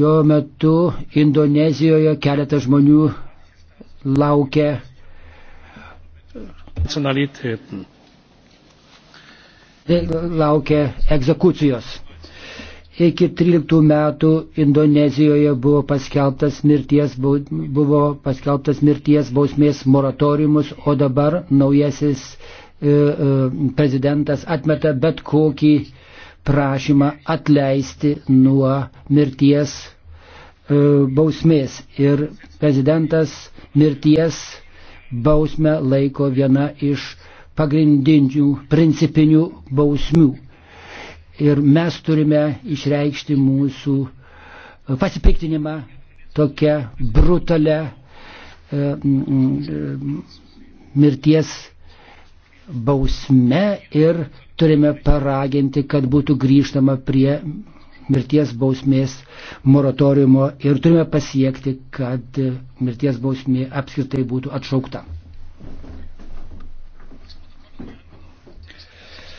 Šiuo metu Indonezijoje keletas žmonių laukia. E, laukia egzekucijos. Iki 13 metų Indonezijoje buvo paskelbtas mirties, buvo paskelbtas mirties bausmės moratoriumus, o dabar naujasis e, e, prezidentas atmeta bet kokį e, prašymą atleisti nuo mirties e, bausmės. Ir prezidentas mirties bausmę laiko viena iš pagrindinių principinių bausmių. Ir mes turime išreikšti mūsų e, pasipiktinimą tokią brutalę e, mirties bausme ir turime paraginti, kad būtų grįžtama prie mirties bausmės moratoriumo ir turime pasiekti, kad mirties bausmė apskritai būtų atšaukta.